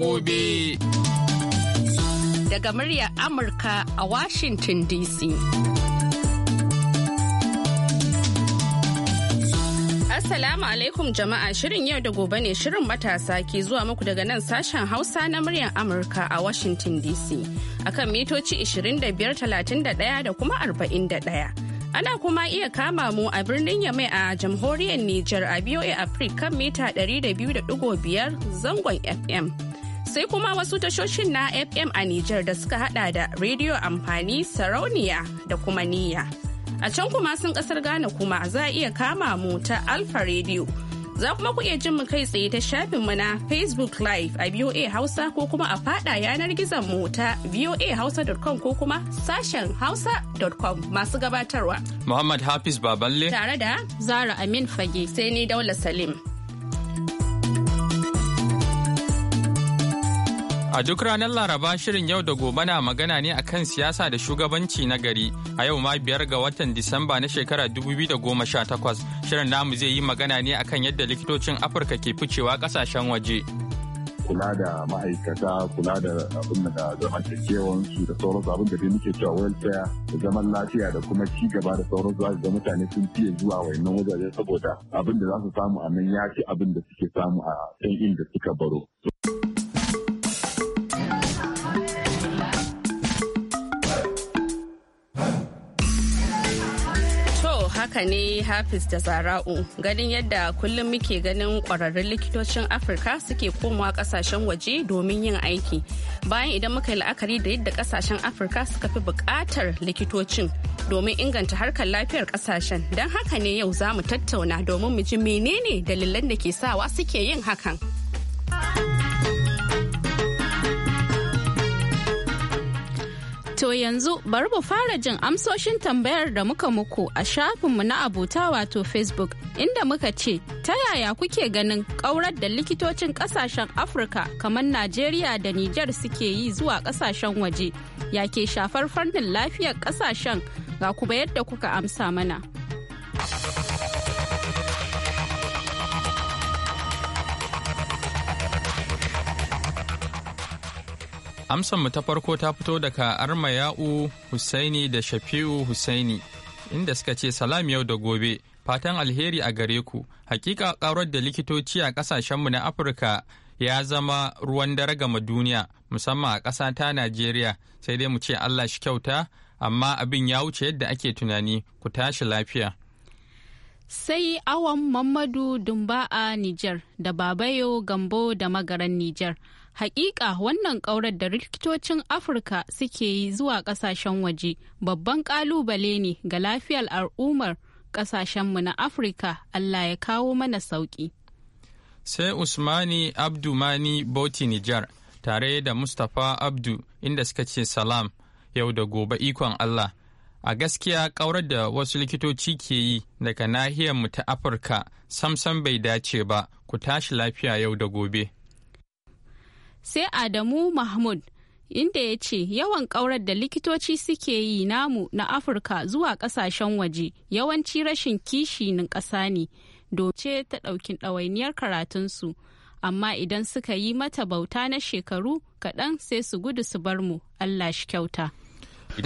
gobe. Daga muryar Amurka a Washington DC. Assalamu alaikum jama'a shirin yau da gobe ne shirin matasa ke zuwa muku daga nan sashen Hausa na muryar Amurka a Washington DC akan mitoci 25,31 da kuma 41. Ana kuma iya kama mu a birnin Yamai a jamhuriyar Nijar a BOA Africa kan mita 200.5 zangon FM. sai kuma wasu tashoshin na FM a Nijar da suka hada da rediyo amfani sarauniya da kuma niyya. A can kuma sun kasar Ghana kuma za a iya kama mu ta Alfa Radio. Za kuma ku iya jin mu kai tsaye ta shafin mu na Facebook Live a VOA Hausa ko kuma a fada yanar gizon mu ta voahausa.com ko kuma sashen hausa.com masu gabatarwa. Muhammad Hafiz Baballe. Tare da Zara Amin Fage. Sai ni Daula Salim. A duk ranar Laraba shirin yau da gobe na magana ne akan siyasa da shugabanci na gari. A yau ma biyar ga watan Disamba na shekara 2018 shirin namu zai yi magana ne akan yadda likitocin Afirka ke ficewa kasashen waje. kula da ma'aikata kula da abin da su da sauran abin da dai muke cewa welfare da zaman lafiya da kuma ci gaba da sauran zuwa da mutane sun fiye zuwa wayannan wajaje saboda abin da za su samu a nan ya ci abin da suke samu a can inda suka baro. haka ne hafiz da zara'u ganin yadda kullum muke ganin kwararrun likitocin afirka suke komawa kasashen waje domin yin aiki bayan idan muka yi la'akari da yadda kasashen afirka suka fi bukatar likitocin domin inganta harkar lafiyar kasashen don haka ne yau za mu tattauna domin mu ji menene dalilan da ke sawa suke yin hakan. To yanzu bari mu fara jin amsoshin tambayar da muka muku a shafinmu na abota wato Facebook inda muka ce ta yaya kuke ganin ƙaurar da likitocin ƙasashen Afirka kamar Najeriya da Nijar suke yi zuwa ƙasashen waje ya ke shafar fannin lafiyar ƙasashen ga kuma yadda kuka amsa mana. amsanmu ta farko ta fito daga armayau husaini da shafi'u husaini inda suka ce salam yau da gobe fatan alheri a gare ku hakika karar da likitoci a kasashenmu na afirka ya zama ruwan dare gama duniya musamman a ƙasa ta najeriya sai dai mu ce allah shi kyauta amma abin ya wuce yadda ake tunani ku tashi lafiya sai awan mamadu dumba a niger da babayo gambo da magaran niger Hakika wannan ƙaurar da rikitocin Afirka suke yi zuwa ƙasashen waje babban ƙalubale ne ga lafiyar al'ummar ƙasashenmu na Afirka Allah ya kawo mana sauƙi. Sai Usmani Abdumani Bauti Nijar tare da Mustapha Abdu inda suka ce salam yau da gobe ikon Allah. A gaskiya ƙaurar da wasu likitoci ke yi daga nahiyarmu ta Afirka samsam bai dace ba ku tashi lafiya yau da gobe. sai Adamu Mahmud inda ya ce yawan ƙaurar da likitoci suke yi namu na Afirka zuwa ƙasashen waje yawanci rashin kishinin ƙasa ne doce ta ɗaukin ɗawainiyar karatunsu amma idan suka yi mata bauta na shekaru kaɗan sai su gudu su bar mu Allah shi kyauta.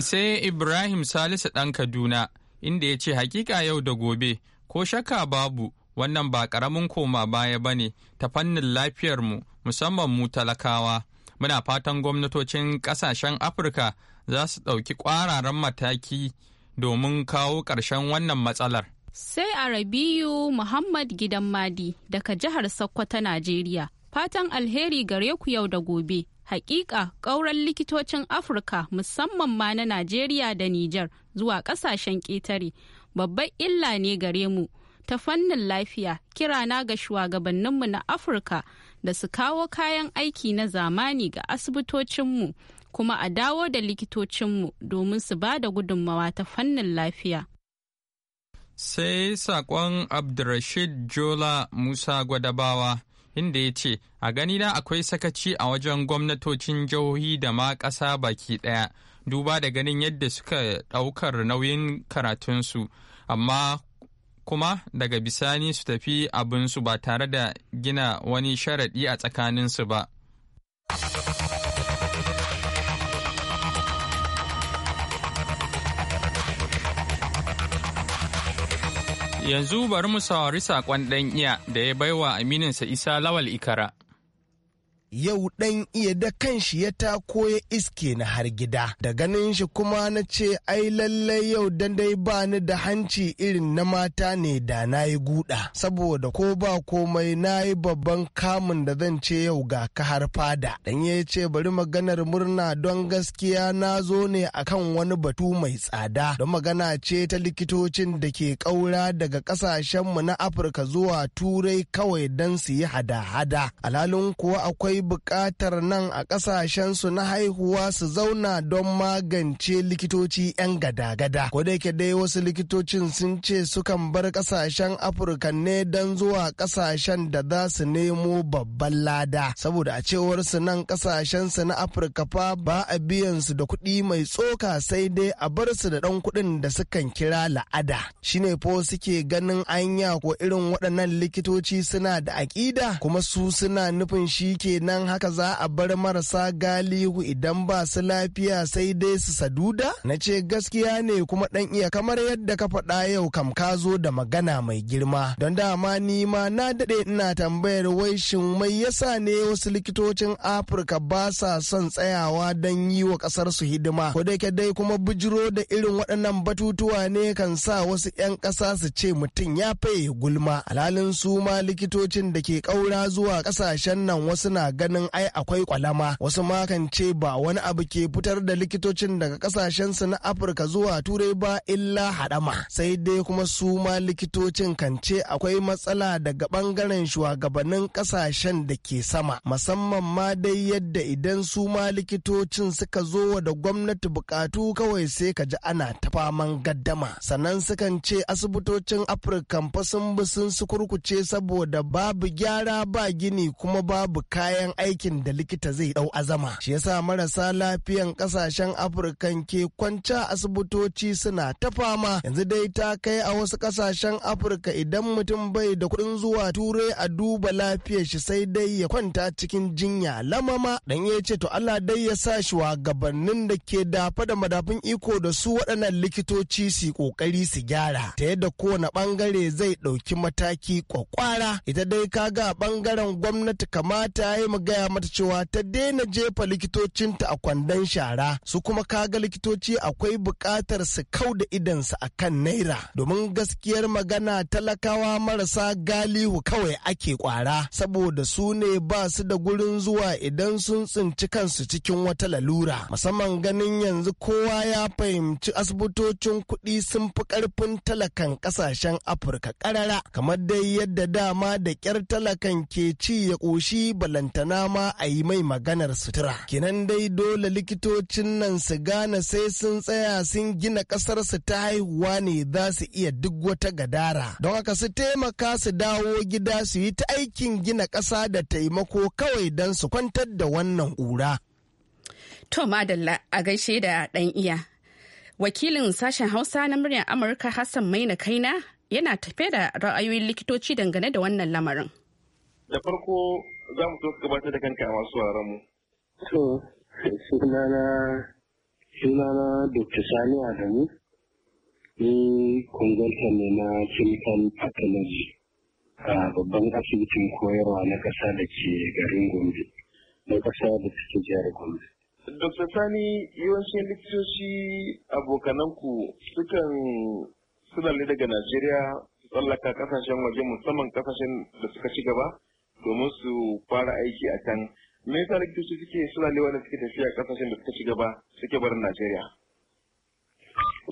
Sai Ibrahim Salisu ɗan Kaduna inda ya ce hakika yau da gobe ko shakka babu wannan ba ƙaramin koma baya ba ne ta fannin lafiyarmu musamman mu talakawa muna fatan gwamnatocin ƙasashen afirka za su ɗauki ƙwararren mataki domin kawo ƙarshen wannan matsalar sai a rabiu muhammad gidan madi daga jihar sokoto najeriya fatan alheri gare ku yau da gobe hakika ƙauren likitocin afirka musamman ma na najeriya da nijar zuwa ƙasashen ƙetare babban illa ne gare mu ta fannin lafiya kirana ga shugabanninmu na afirka da su kawo kayan aiki na zamani ga asibitocinmu kuma a dawo da likitocinmu domin su ba da gudunmawa ta fannin lafiya sai saƙon abdulrashid jola musa gwadabawa inda ya ce a ganina akwai sakaci a wajen gwamnatocin jihohi da ma ƙasa baki ɗaya duba da ganin yadda suka ɗaukar nauyin karatunsu amma kuma daga bisani su tafi abinsu ba tare da gina wani sharaɗi a tsakaninsu ba. Yanzu bari mu saurari saƙon ɗan iya da ya baiwa amininsa Isa Lawal Ikara. yau ɗan iya da kanshi ya tako ya iske na har gida da ganin shi kuma na ce ai lallai yau dan dai ba ni da hanci irin na mata ne da na yi guda saboda ko ba komai na yi babban kamun da zan ce yau ga ka har fada dan ya ce bari maganar murna don gaskiya na zo ne akan wani batu mai tsada don magana ce ta likitocin da ke ƙaura daga mu na afirka zuwa turai kawai don su yi hada-hada alhalin kuwa akwai bukatar nan a ƙasashensu na haihuwa su zauna don magance likitoci 'yan gada-gada. Kodayake dai wasu likitocin sun ce sukan bar ƙasashen Afirka ne don zuwa ƙasashen da za su nemo babban lada. Saboda a cewar su nan ƙasashensu na Afirka fa ba a biyan su da kuɗi mai tsoka sai dai a bar su da ɗan kuɗin da sukan kira la'ada. Shine fo suke ganin anya ko irin waɗannan likitoci suna da aƙida kuma su suna nufin shi kenan nan haka za a bar marasa galihu idan ba su lafiya sai dai su saduda na ce gaskiya ne kuma dan iya kamar yadda ka faɗa yau kam ka zo da magana mai girma don dama ni ma na daɗe ina tambayar wai shin mai yasa ne wasu likitocin afirka ba sa son tsayawa don yi wa ƙasar su hidima ko dai dai kuma bijiro da irin waɗannan batutuwa ne kan sa wasu 'yan ƙasa su ce mutum ya faye gulma alhalin su ma likitocin da ke ƙaura zuwa ƙasashen nan wasu na ganin ai akwai kwalama wasu makan ce ba wani abu ke fitar da likitocin daga kasashen su na afirka zuwa turai ba illa hadama sai dai kuma su ma likitocin kan ce akwai matsala daga bangaren shugabannin kasashen da ke sama musamman ma dai yadda idan su ma likitocin suka zo da gwamnati bukatu kawai sai ka ji ana ta faman gaddama sannan sukan ce asibitocin afirka fa sun bi sun su kurkuce saboda babu gyara ba gini kuma babu kaya kayan aikin da likita zai dau azama shi yasa marasa lafiyan kasashen afirka ke kwanca asibitoci suna ta fama yanzu dai ta kai a wasu kasashen afirka idan mutum bai da kuɗin zuwa turai a duba lafiyar shi sai dai ya kwanta cikin jinya lamama dan ya ce to Allah dai ya sa shi wa gabanin da ke dafa da madafin iko da su waɗannan likitoci su kokari su gyara ta yadda kowane bangare zai ɗauki mataki kwakwara ita dai kaga bangaren gwamnati kamata ya mu gaya mata cewa ta daina jefa likitocinta a kwandon shara su kuma kaga likitoci akwai buƙatar su kau da idansu a kan naira domin gaskiyar magana talakawa marasa galihu kawai ake kwara saboda su ne ba su da gurin zuwa idan sun tsinci kansu cikin wata lalura musamman ganin yanzu kowa ya fahimci asibitocin kuɗi sun fi ƙarfin talakan ƙasashen afirka ƙarara kamar dai yadda dama da ƙyar talakan ke ci ya ƙoshi balanta ballantana ma a yi mai maganar sutura kinan dai dole likitocin nan su gane sai sun tsaya sun gina kasar su ta haihuwa ne za su iya duk wata gadara don haka su taimaka su dawo gida su yi ta aikin gina ƙasa da taimako kawai don su kwantar da wannan ƙura. To madalla a gaishe da ɗan iya. Wakilin sashen Hausa na muryar Amurka Hassan Maina Kaina yana tafe da ra'ayoyin likitoci dangane da wannan lamarin. Da farko za mu so ka gabatar da kanka masu sauraron mu. So, sunana sunana Dr. Sani Adamu, ni kunganta ne na Chemical pathology a babban asibitin koyarwa na ƙasa da ke garin Gombe, na ƙasa da ke jihar Gombe. Dr. Sani yawancin likitoci abokananku sukan suna daga Najeriya tsallaka kasashen waje musamman kasashen da suka ci gaba domin su fara aiki a can me yasa likitoci suke lewa da suke tafiya kasashen da suka ci gaba suke barin najeriya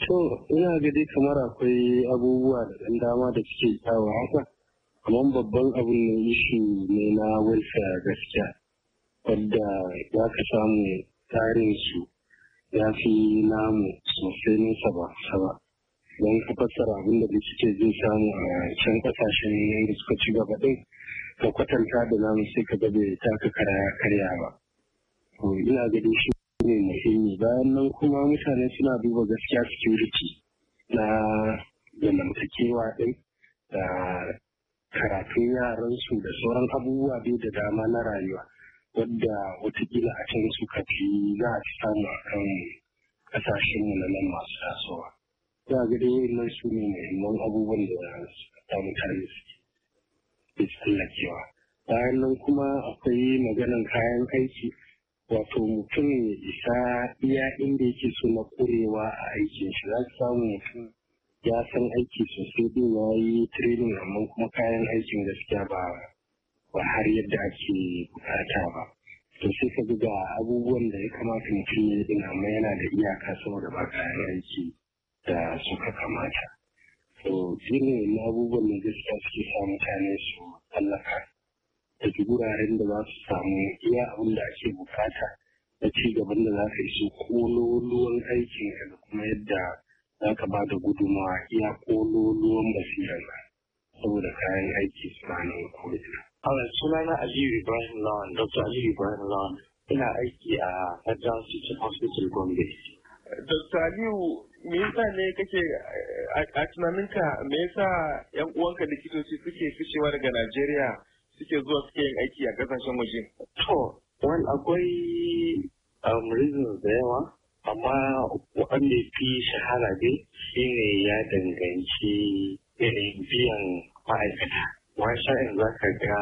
to ina ga dai kamar akwai abubuwa da ɗan dama da suke kawo haka kamar babban abin ne ishi ne na welfare gaskiya wadda ya ka samu tarin su ya fi namu sosai nesa ba saba don ka fassara abin da suke zai samu a can kasashen da suka ci gaba ɗin ka kwatanta da namu sai ka bai taka kara karya ba ina ganin shi ne muhimmi bayan nan kuma mutane suna duba gaskiya security na zamantakewa ɗin da karatun yaransu da sauran abubuwa dai da dama na rayuwa wadda watakila a can su kafi za a fi samu a kan ƙasashenmu na nan masu tasowa. Ina ganin yin nan su ne muhimman abubuwan da ta mutane suke. ke tsallakewa bayan nan kuma akwai maganan kayan aiki wato mutum ya isa iya inda yake so na korewa a aikin shi za ka samu mutum ya san aiki sosai din ya yi training amma kuma kayan aikin gaskiya ba ba har yadda ake bukata ba to sai ka ga abubuwan da ya kamata mutum ya yi din amma yana da iyaka saboda ba kayan aiki da suka kamata to irin abubuwan da gaskiya suke sa mutane su tallaka da guraren da za su samu iya abin da ake bukata na ci gaban da za ka yi su kololuwan aikin ka da kuma yadda za ka ba da gudunmawa iya kololuwan basirar saboda kayan aiki suna nan ko'ina. Ana sunana Aliyu Ibrahim Lawan, Dr. Aliyu Ibrahim Lawan, ina aiki a Federal City Hospital Gombe. Dr. Aliyu me yasa ne kake a tunaninka me yasa yan uwanka likitoci suke fishewa daga Najeriya suke zuwa suke yin aiki a kasashen waje? To, wani akwai um, reasons da yawa amma wanda fi shahara shi ne ya danganci irin biyan ma'aikata. Wani sha'in za ka ga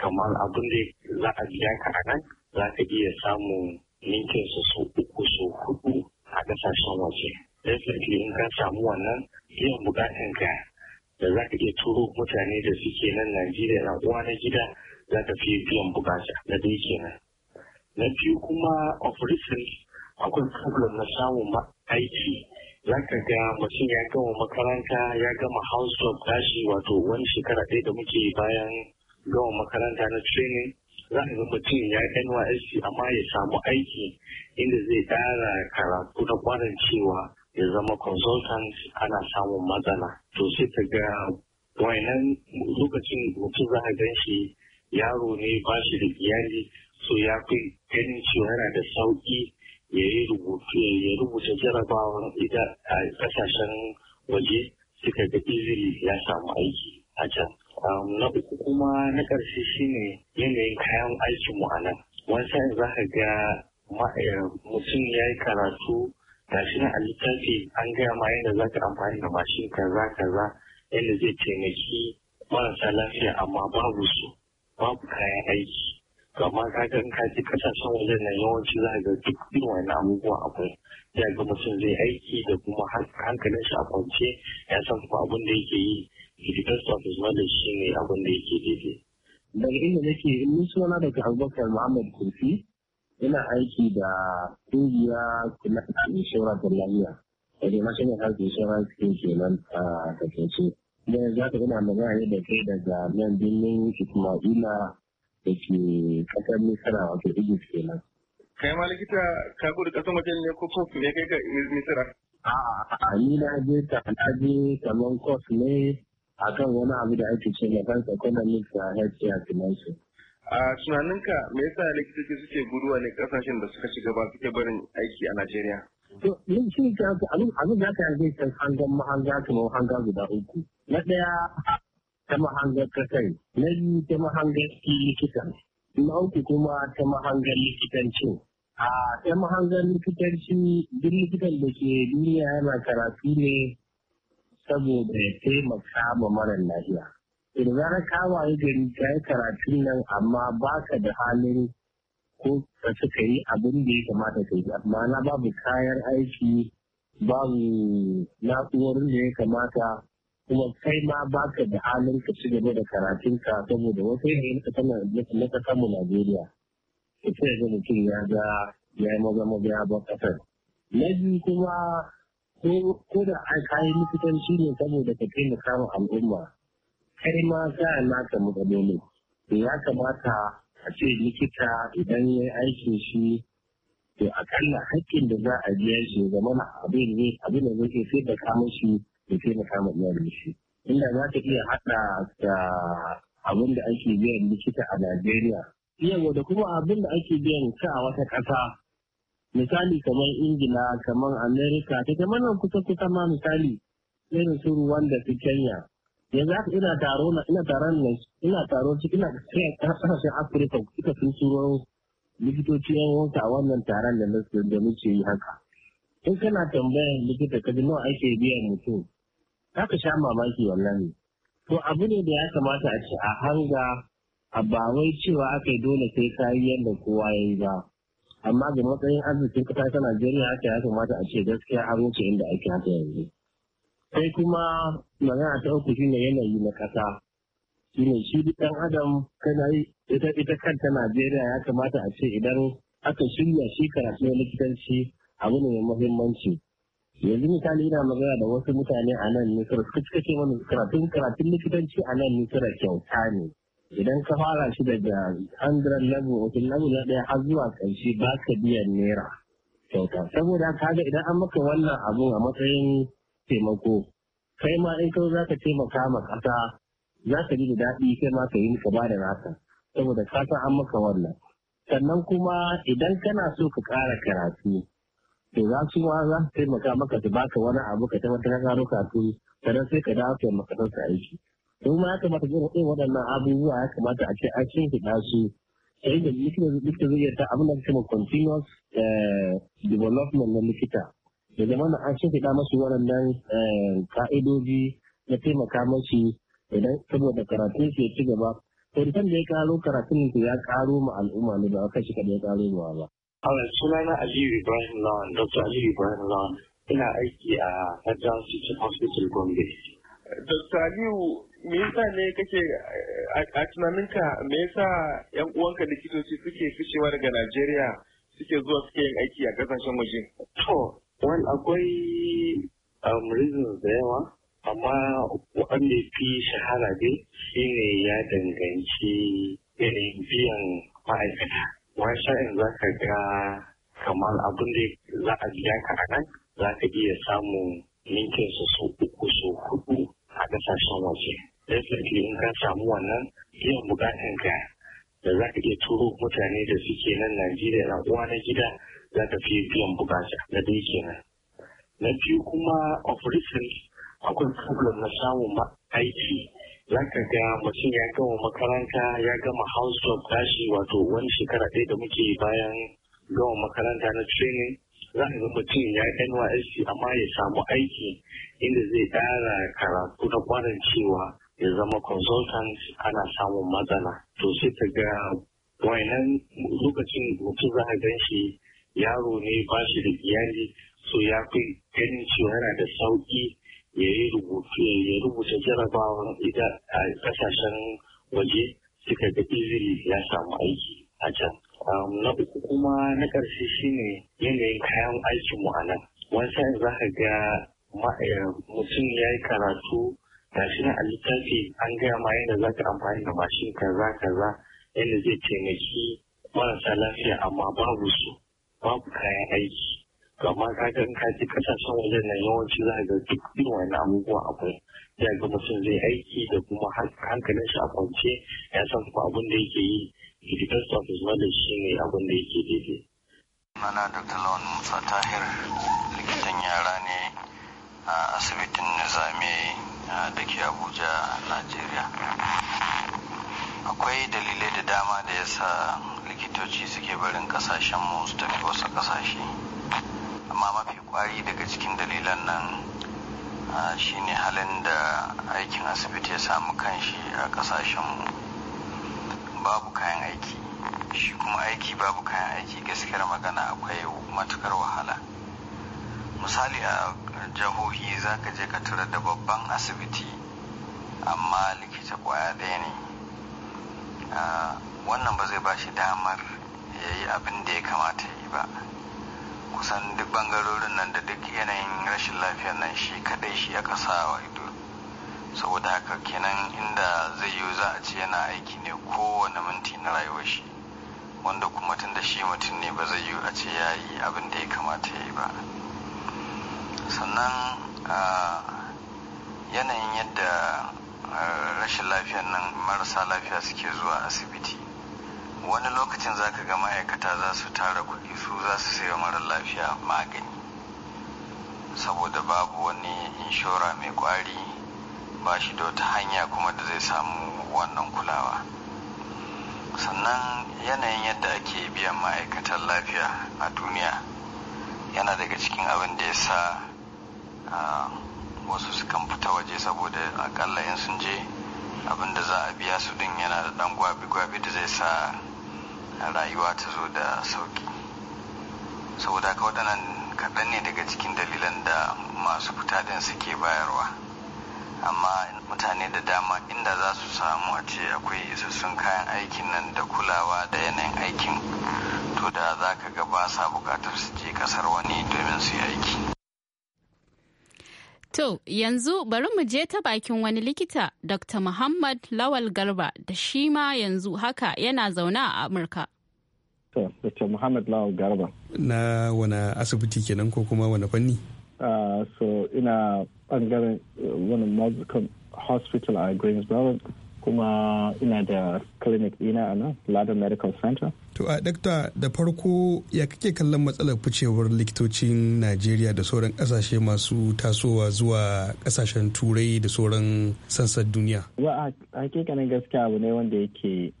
kamar abin da za a biya ka a nan za ka iya samun ninkinsu su uku su hudu a kasashen waje. definitely in ka samu wannan biyan bukatan ka da za ka iya turo mutane da suke nan Najeriya na uwa na gida za ka fi biyan bukata na dai kenan. Na biyu kuma of recent akwai problem na samun aiki za ka ga mutum ya gama makaranta ya gama house job tashi wato wani shekara ɗaya da muke bayan gama makaranta na training za ka ga mutum ya NYSC amma ya samu aiki inda zai ƙara karatu na kwanan cewa ya zama consultant ana samun matsala to sai ka ga lokacin mutum za a gan shi yaro ne ba shi da iyali so ya fi ganin cewa yana da sauki ya yi rubutu ya rubuta jarabawa idan a kasashen waje suka ga izini ya samu aiki a can na uku kuma na ƙarshe shine yanayin kayan aikin mu a nan wani sa'in za ka ga eh, mutum ya yi karatu gashi a littafi an gaya ma yadda za ka amfani da mashin kaza kaza yadda zai taimaki marasa lafiya amma babu su babu kayan aiki amma ka ga ka ji kasashen waje na yawanci za ga duk irin wani abubuwa akwai ya ga mutum zai aiki da kuma hankalin shi a kwance ya san kuma abin da yake yi fitar of his da shi ne abin da yake daidai. daga inda nake in suna daga abubakar muhammad Kofi, ina aiki da kungiya kula da inshora da lafiya da ma shine health insurance ke nan a takaice da yanzu haka ina magana ne da kai daga nan birnin ismaila da ke kasar misira wato egypt nan kai ma likita ka gudu kasan wajen ne ko kof ne kai ka misira a ni na je ta na je kaman kof ne akan wani abu da ake ce na kan economics a health care finances a tunaninka me yasa likitoci suke guduwa ne kasashen da suka ci gaba suke barin aiki a najeriya to yin shi ka abin abin da ka yi san hangan mahanga kuma mahanga guda uku na daya ta mahangar kasai na biyu ta mahangar likitan na uku kuma ta mahangar likitanci. a ta mahangar likitanci duk likitan da ke duniya yana karatu ne saboda ya taimaka ma mara lafiya da zarar ka waye gari ka yi karatun nan amma ba ka da halin ko ka suka yi abin da ya kamata ka yi amma na babu kayan aiki babu na'urar da ya kamata kuma kai ma ba ka da halin ka ci gaba da karatun ka saboda wasu yanayin na ka samu Najeriya ka ce ga mutum ya ga ya yi maza maza ya ba kasar. Na biyu kuma ko da aka yi shi ne saboda ka taimaka ma al'umma kai ma za a naka matsaloli ya kamata a ce likita idan ya aikin shi to akalla haƙƙin da za a biya shi zama mana abin ne abin da zai sai da kama shi da sai da kama iyalin shi inda za ta iya haɗa da abin da ake biyan likita a Najeriya yawa da kuma abin da ake biyan ka a wata ƙasa misali kamar Ingila kamar Amerika ta kamar nan kusa kusa ma misali irin su Rwanda su Kenya yanzu haka ina taro na ina taron nan ina taro ci ina kasashen afirka suka fi turo likitoci yan wanka a wannan taron da na da muke yi haka in kana tambayan likita ka ji nawa ake biyan mutum za ka sha mamaki ne. to abu ne da ya kamata a ce a hanga a ba cewa aka yi dole sai ka yi yadda kowa ya yi ba amma ga matsayin arzikin kasa ta najeriya haka ya kamata a ce gaskiya an wuce inda ake haka yanzu sai kuma magana ta uku shi ne yanayi na ƙasa ne shi ɗan adam kana yi ita ita kanta najeriya ya kamata a ce idan aka shirya shi karatu na likitanci abu ne mai muhimmanci yanzu misali ina magana da wasu mutane a nan misira suka cika ce wani karatun karatun likitanci a nan misira kyauta ne idan ka fara shi daga hundred level wato level na ɗaya har zuwa ƙarshe ba ka biyan naira kyauta saboda kaga idan an maka wannan abun a matsayin taimako kai ma in kai za ka taimaka ma ƙasa za ka ji da daɗi kai ma ka yi ka ba da nasa saboda ka san an maka wannan sannan kuma idan kana so ka ƙara karatu to za su ma za su taimaka maka su baka wani abu ka tabbatar ka gano karatu sannan sai ka dawo kai maka kanka aiki to ma ya kamata jin irin waɗannan abubuwa ya kamata a ce an ki su sai da likita zai ta abin da kuma continuous eh, development na likita da zama an shimfiɗa masu waɗannan eh, ka'idoji na taimaka masu idan saboda karatun su ya ci gaba tantan da ya karo karatun su ya karo ma al'umma ne ba kai shi kaɗai ya karo ma ba. Ana suna na Aliyu Ibrahim Lawan, Dr. Aliyu Ibrahim Lawan, ina aiki a Hajjan City Hospital Gombe. Dr. Aliyu, me yasa ne kake a tunaninka me yasa yan uwanka likitoci suke fishewa daga Najeriya suke zuwa suke yin aiki a kasashen waje? To, Wani akwai um, reasons da yawa, amma waɗanda fi shahara dai shi ne ya danganci irin biyan ma'aikata. Wani sha'in za ka ga kamar abin da za a biya ka a nan za ka iya samun ninkin su uku su hudu a kasashen waje. Definitely in ka samu wannan biyan bukatan ka da za ka iya turo mutane da suke nan Najeriya na uwa na gida za ta fi biyan bukata na dai kenan na biyu kuma of recent akwai problem na samun aiki za ka ga mutum ya gama makaranta ya gama house job tashi wato wani shekara ɗaya da muke bayan gama makaranta na training za ka ga mutum ya nysc amma ya samu aiki inda zai ƙara karatu na kwanan cewa ya zama consultant ana samun matsala to sai ka ga wainan lokacin mutum za ka gan shi yaro ne ba shi da iyali so ya fi ganin cewa yana da sauki ya yi rubutu ya rubuta jarabawa ita a kasashen waje suka ga izini ya samu aiki a can. na uku kuma na ƙarshe shine yanayin kayan aikin mu a nan. Wani za ka ga eh, mutum ya yi karatu ga shi a littafi an gaya ma yadda za ka amfani da mashin kaza kaza yadda zai taimaki marasa lafiya amma babu su. babu kayan aiki amma ka ga ka ji kasashen wajen nan yawanci za ga duk irin wani abubuwa akwai ya ga mutum zai aiki da kuma hankalin shi a kwance ya san kuma abin da yake yi idan sa ku zuwa da shi ne abin da yake daidai. Ana da Lawan Musa Tahir likitan yara ne a asibitin Nizami a ke Abuja, Najeriya. Akwai dalilai da dama da ya sa likitoci suke barin kasashen mu su tafi wasu kasashe amma mafi kwari daga cikin dalilan nan shine halin da aikin asibiti ya samu kanshi a kasashen mu babu kayan aiki shi kuma aiki babu kayan aiki gaskiyar magana akwai matukar wahala misali a jahohi za ka je ka tura da babban asibiti amma likita kwaya ɗaya ne wannan ba zai ba shi damar ya yi abin da ya kamata yi ba kusan duk bangarorin nan da duk yanayin rashin lafiyar nan shi kadai shi ya kasa wa ido saboda haka kenan inda zai yiwu za a ce yana aiki ne kowane minti na rayuwar shi wanda kuma tun da shi mutum ne ba zai yiwu a ce ya yi abin da ya kamata ya yi ba sannan yanayin yadda Ah, rashin lafiyan nan marasa lafiya suke zuwa asibiti wani lokacin za ka ga ma'aikata za su tara kuɗi su za su sayo mara lafiya magani saboda babu wani inshora mai kwari ba shi da wata hanya kuma da zai samu wannan kulawa sannan yanayin yadda ake biyan ma'aikatan lafiya a duniya yana daga cikin abin da ya sa ah, wasu sukan fita waje saboda akalla in sun je abin da za a biya su din yana da dan gwabi-gwabi da zai sa rayuwa ta zo da sauki saboda ka waɗannan kaɗan ne daga cikin dalilan da masu fita din suke bayarwa amma mutane da dama inda za su samu a ce akwai isassun kayan aikin nan da kulawa da yanayin aikin to da za ka ga ba sa bukatar su je kasar wani domin su yi aiki To, yanzu bari mu je ta bakin wani likita, Dr. Muhammad Lawal Garba, da shi ma yanzu haka yana zaune a Amurka. To, Dr. Muhammad Lawal Garba. Na wani asibiti kenan ko kuma wani fanni? Ah, so, ina bangaren uh, wani Hospital a Greensboro, kuma ina da clinic ɗina a nan Lada Medical Center. To a dakta da farko ya kake kallon matsalar ficewar likitocin Najeriya da sauran kasashe masu tasowa zuwa kasashen turai da sauran sansan duniya? Wa a hakikanin gaskiya abu ne wanda yake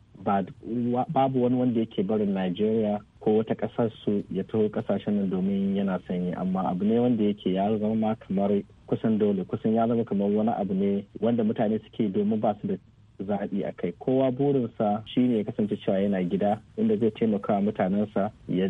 babu wani wanda yake barin Najeriya ko wata ƙasar su ya taho kasashen nan domin yana sanyi amma abu ne wanda yake ya zama kamar kusan dole kusan ya zama kamar wani abu ne wanda mutane suke domin ba su da zaɓi a kai kowa burinsa shine ya kasance cewa yana gida inda zai taimaka mutanensa ya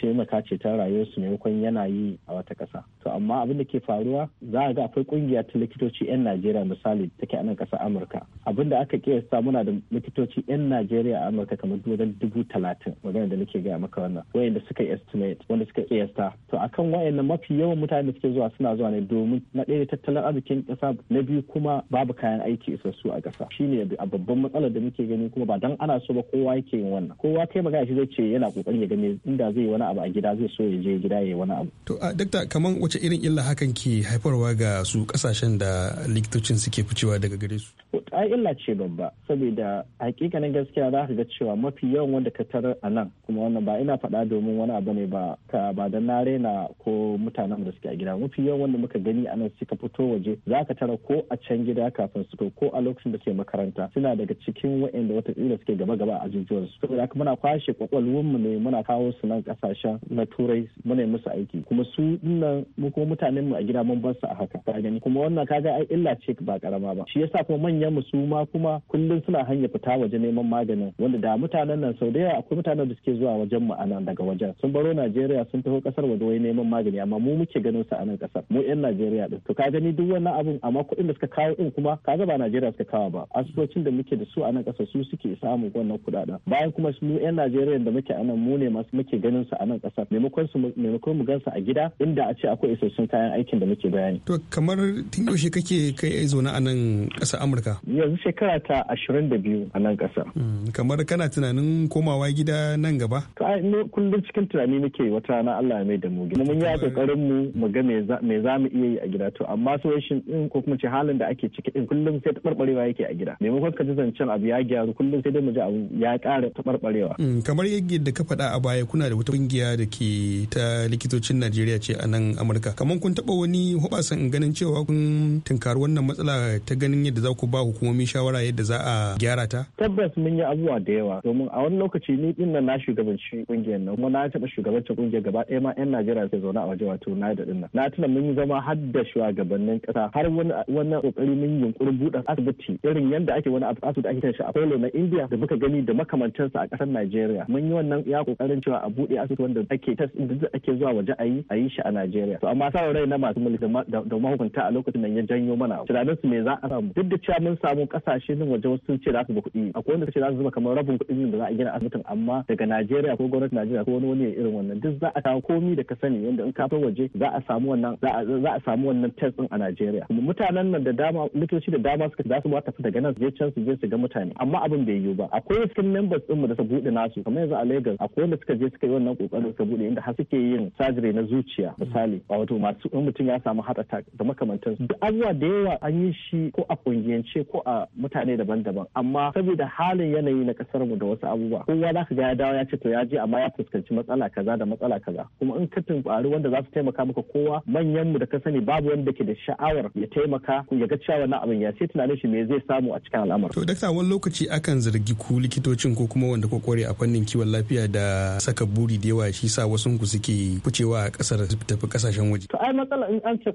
ce maka rayuwar rayuwarsu maimakon yana yi a wata ƙasa to amma abin da ke faruwa za a ga akwai ƙungiya ta likitoci 'yan najeriya misali take a nan ƙasar amurka abin da aka kiyasta muna da likitoci 'yan najeriya a amurka kamar wajen dubu talatin magana da nake gaya maka wannan wayanda suka estimate wanda suka kiyasta to akan wayannan mafi yawan mutane da suke zuwa suna zuwa ne domin na ɗaya tattalin arzikin ƙasa na biyu kuma babu kayan aiki isassu a ƙasa shine a babban matsalar da muke gani kuma ba dan ana so ba kowa yake yin wannan kowa kai magana shi zai ce yana kokarin ya gani inda zai yi wani abu a gida zai so ya je gida ya yi wani abu to a dakta kaman wace irin illa hakan ke haifarwa ga su kasashen da likitocin suke ficewa daga gare su a illa ce babba saboda hakikanin gaskiya za ka ga cewa mafi yawan wanda ka tarar a nan kuma wannan ba ina faɗa domin wani abu ne ba ka ba da na rena ko mutanen da suke a gida mafi yawan wanda muka gani a nan suka fito waje za ka tara ko a can gida kafin su ko a lokacin da da ke makaranta suna daga cikin waɗanda watakila suke gaba gaba a ajujuwar su saboda haka muna kwashe mu ne muna kawo su nan kasashen na turai muna yi musu aiki kuma su dinnan mu kuma mutanen mu a gida mun bar su a haka ka gani kuma wannan kaga ai illa ce ba karama ba shi yasa kuma manyan mu su ma kuma kullum suna hanya fita waje neman maganin wanda da mutanen nan sau da yawa akwai mutanen da suke zuwa wajen mu anan daga wajen sun baro Najeriya sun taho kasar waje wai neman magani amma mu muke ganin su a nan kasar mu yan Najeriya din to ka gani duk wannan abun amma kuɗin da suka kawo din kuma kaga ba Najeriya suka kawo ba asibitocin da muke da su a nan ƙasa su suke samun wannan kuɗaɗen bayan kuma mu 'yan najeriya da muke a nan mu ne masu muke ganin su a nan ƙasa maimakon su maimakon mu gansu a gida inda a ce akwai isassun kayan aikin da muke bayani to kamar tun yaushe kake kai zaune a nan ƙasa amurka yanzu shekara ta ashirin da biyu a nan ƙasa hmm, kamar kana tunanin komawa gida nan gaba to ai kullum cikin tunani muke wata rana Allah ya mai da mu gida mun yi kokarin mu mu ga me za mu iya yi a gida to amma so shin ko kuma ce halin da ake ciki din kullum sai ta barbarewa ake a gida maimakon ka ji zancen abu ya gyaru kullum sai dai mu ji abu ya ƙara taɓarɓarewa. Mm, kamar yadda ka faɗa a baya kuna da wata kungiya da ke ta likitocin najeriya ce a nan amurka kamar kun taɓa wani hoɓasan ganin cewa kun tunkari wannan matsala ta ganin yadda za ku ba hukumomi shawara yadda za a gyara ta. tabbas mun yi abubuwa da yawa domin a wani lokaci ni din nan na shugabanci ƙungiyar nan kuma na taɓa shugabancin ƙungiyar gaba ɗaya ma 'yan najeriya sai zaune a waje wato na da ɗin na tuna mun yi zama har da shugabannin ƙasa har wani wannan ƙoƙari mun yunƙurin buɗe asibiti irin yadda ake wani abu da ake kiran shi polo na india da muka gani da makamantansa a kasar nigeria mun yi wannan ya kokarin cewa a buɗe asibiti wanda ake inda duk ake zuwa waje a yi a yi shi a nigeria to amma sa rai na masu mulki da mahukunta a lokacin nan ya janyo mana tunanin su me za a samu duk da cewa mun samu kasashe nan waje wasu sun ce za su ba kuɗi akwai wanda ce za su zuba kamar rabin kuɗin da za a gina asibitin amma daga nigeria ko gwamnatin nigeria ko wani wani irin wannan duk za a kawo komi da ka sani yadda in ka waje za a samu wannan za a samu wannan test din a nigeria kuma mutanen nan da dama likitoci da dama suka za su ba ta daga nan su je can su je su ga mutane amma abin bai yiwu ba akwai wasu members ɗinmu mu da suka buɗe nasu kamar yanzu a Lagos akwai wanda suka je suka yi wannan kokarin su buɗe inda har suke yin surgery na zuciya misali wato masu in mutum ya samu heart attack da makamantan su duk abubuwa da yawa an yi shi ko a kungiyance ko a mutane daban-daban amma saboda halin yanayi na kasar mu da wasu abubuwa kowa za ka ga ya dawo ya ce to ya je amma ya fuskanci matsala kaza da matsala kaza kuma in ka tumfari wanda za su taimaka maka kowa manyan mu da ka sani babu wanda ke da sha'awar ya taimaka ya ga cewa wannan abin ya sai tunanin shi me zai zai samu a cikin al'amarin. To dakta wani lokaci akan zargi ku likitocin ko kuma wanda ko kware a fannin kiwon lafiya da saka buri da yawa shi sa wasu ku suke kucewa a kasar su tafi kasashen waje. To ai matsala in an ce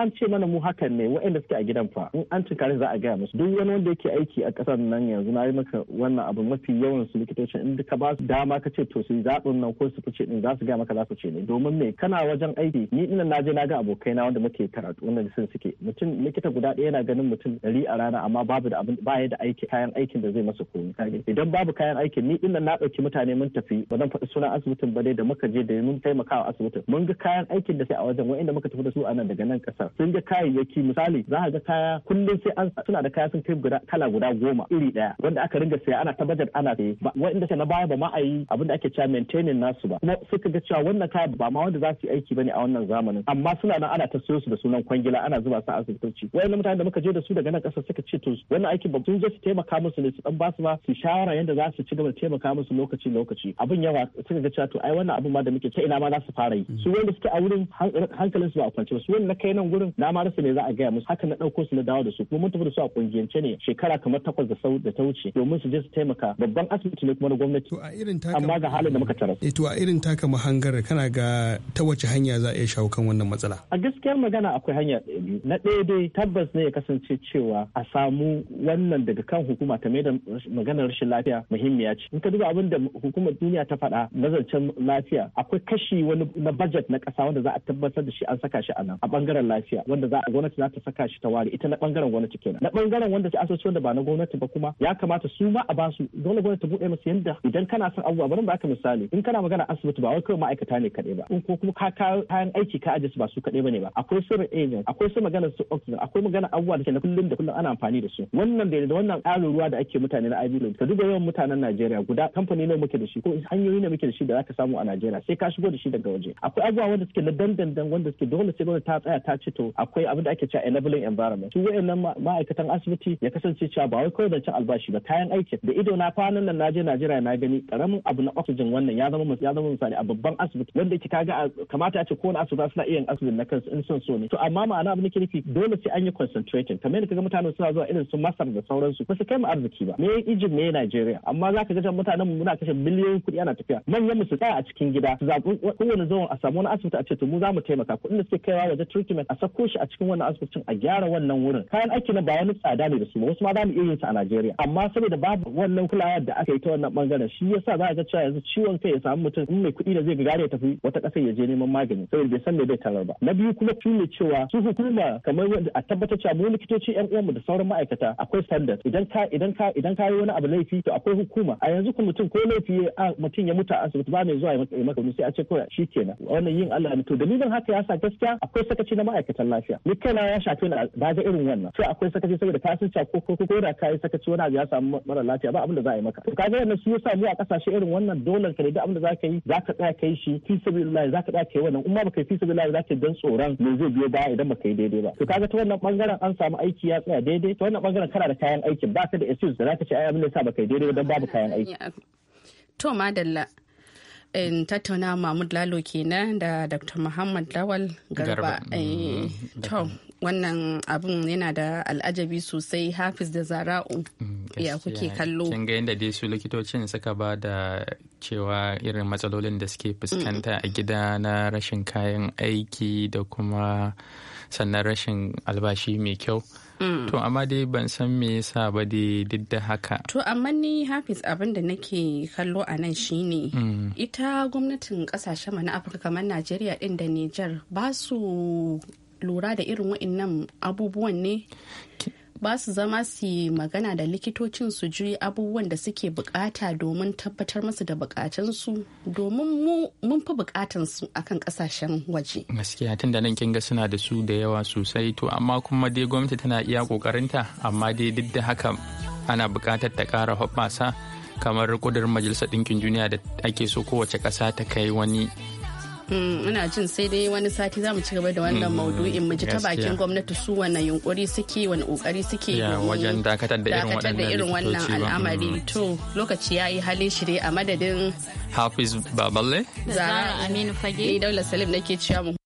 an ce mana mu hakan ne waɗanda suke a gidan fa in an kare za a gaya musu duk wani wanda yake aiki a kasar nan yanzu na yi maka wannan abu mafi yawan su likitocin in ka ba su dama ka ce to su yi zaɓin nan ko su fice din za su gaya maka za su ce ne domin me kana wajen aiki ni ina na je na ga abokaina wanda muke karatu wanda sun suke mutum likita guda ɗaya yana ganin mutum ɗari a rana amma amma babu da abin ba ya da aiki kayan aikin da zai masa koyi kage idan babu kayan aikin ni nan na dauki mutane mun tafi ba zan faɗi sunan asibitin ba dai da muka je da mun taimakawa asibitin mun ga kayan aikin da sai a wajen wanda muka tafi da su a nan daga nan kasar sun ga kayayyaki misali za ka ga kaya kullum sai an suna da kaya sun kai guda kala guda goma iri daya wanda aka ringa saya ana ta ana saye wanda sai na baya ba ma a yi abin da ake cewa maintaining nasu ba kuma suka ga cewa wannan kaya ba ma wanda za su yi aiki bane a wannan zamanin amma suna nan ana ta siyo su da sunan kwangila ana zuba su a asibitoci mutane da muka je da su daga nan kasar suka ce su wannan aikin ba sun je su taimaka musu ne su dan basu ba su shawara yadda za su ci gaba da taimaka musu lokaci lokaci abin yawa suka ga cewa to ai wannan abin ma da muke ta ina ma za su fara yi su wanda suke a wurin hankalin su ba a kwance ba su wanda kai nan wurin na ma rasa ne za a gaya musu haka na dauko su na dawo da su kuma mun tafi da su a kungiyance ne shekara kamar takwas da sau da ta wuce domin su je su taimaka babban asibiti ne kuma na gwamnati amma ga halin da muka tarar eh, to a irin taka mahangar kana ga ta wace hanya za a iya shawo kan wannan matsala a gaskiyar magana akwai hanya na ɗaya dai tabbas ne ya kasance cewa a samu mu wannan daga kan hukuma ta mai da maganar rashin lafiya muhimmiya ce in ka duba abin da hukumar duniya ta faɗa nazarcin lafiya akwai kashi wani na budget na ƙasa wanda za a tabbatar da shi an saka shi a nan a bangaren lafiya wanda za a gwamnati za ta saka shi ta ware ita na bangaren gwamnati kenan na bangaren wanda ta asociyon da ba na gwamnati ba kuma ya kamata su ma a ba su dole gwamnati ta buɗe musu yanda idan kana son abubuwa bari ba ka misali in kana magana asibiti ba wai kawai ma'aikata ne kaɗai ba in ko kuma ka kayan aiki ka ajiye su ba su kaɗai ba ne ba akwai su agent akwai su magana su oxygen akwai magana abubuwa da ke na kullum da kullum ana amfani da da su wannan bai da wannan ƙarin ruwa da ake mutane na Ivory ka duba yawan mutanen Najeriya guda kamfani ne muke da shi ko hanyoyi ne muke da shi da zaka samu a Najeriya sai ka shigo da shi daga waje akwai abubuwa wanda suke na dandandan wanda suke dole sai gwamnati ta tsaya ta ce to akwai abin da ake cewa enabling environment su wayannan ma'aikatan asibiti ya kasance cewa ba wai kawai zancen albashi ba kayan aiki da ido na kwanan nan naje Najeriya na gani karamin abu na oxygen wannan ya zama ya zama misali a babban asibiti wanda yake kaga kamata a ce kowane asibiti suna iya yin asibiti na kansu in son so ne to amma ma'ana abin da ke nufi dole sai an yi concentrating kamar yadda kaga mutane suna zuwa irin su masar da sauransu ba su kai mu arziki ba me egypt me nigeria amma za ka ga mutanen mu muna kashe miliyoyin kuɗi ana tafiya manyan mu su tsaya a cikin gida su zabi kowane zuwan a samu wani asibiti a ce to mu za mu taimaka kuɗin da suke kaiwa waje treatment a sako shi a cikin wannan asibitin a gyara wannan wurin kayan aiki na ba tsada ne da su wasu ma za mu iya yin su a nigeria amma saboda babu wannan kulawar da aka yi ta wannan bangaren shi yasa za a ga cewa yanzu ciwon kai ya samu mutum in mai kuɗi da zai gare ya tafi wata kasa ya je neman magani saboda bai san me bai tarar ba na biyu kuma tuni cewa su hukuma kamar a tabbatar cewa mu likitoci yan uwanmu da sauran ma'aikata ma'aikata akwai standard idan ka idan ka idan ka yi wani abu laifi to akwai hukuma a yanzu ku mutum ko laifi mutum ya mutu a asibiti ba mai zuwa ya maka wani sai a ce kawai kenan wannan yin Allah ne to dalilin haka ya sa gaskiya akwai sakaci na ma'aikatan lafiya ni kaina ya shafe ni na ga irin wannan sai akwai sakaci saboda ka sun ko ko ko da kai sakaci wani abu ya samu mara lafiya ba abin da za a yi maka to kaga wannan su yasa mu a kasashe irin wannan dole ka da abin da za ka yi za ka tsaya kai shi fi sabilillah za ka tsaya kai wannan kuma ba baka fi sabilillah za ka dan tsoron me zai biyo baya idan baka yi daidai ba to kaga ta wannan bangaren an samu aiki ya tsaya daidai to wannan bangaren kana da kayan aikin ba ta da excuse da zaka ce ai abin da sa baka daidai don babu kayan aiki to madalla in tattauna mahmud lalo kenan da dr muhammad lawal garba eh, mm-hmm. to wannan abun yana da al'ajabi sosai hafiz da zara'u mm, ya kuke kallo kin ga yadda dai su likitocin suka ba da cewa irin matsalolin da suke fuskanta mm-hmm. a gida na rashin kayan aiki da kuma sannan rashin albashi mai kyau Mm. to amma dai ban san me yasa ba dai duk da haka to amma ni hafiz abin da nake kallo a nan shine mm. ita gwamnatin kasashen mana na afirka kamar najeriya din da niger ba su lura da irin wa'annan abubuwan ne ba su zama su yi magana da likitocin su juyi abubuwan da suke bukata domin tabbatar musu da bukatansu domin mun fi bukatansu akan kasashen waje gaskiya tun da nan kinga suna da su da yawa sosai to amma kuma dai gwamnati tana iya kokarinta amma dai duk da haka ana bukatar ta kara hoɓasa kamar kudurin majalisar ɗinkin duniya da ake so kowace ƙasa ta kai wani ina mm, jin sai dai wani sati za mu ci gaba da wannan mm, maudu'in mu ji ta bakin gwamnati su wannan yunkuri suke wani kokari suke wajen dakatar da irin wannan al'amari mm. to lokaci ya yi hali shi a madadin hafiz baballe zara aminu fage daula salim nake cewa mu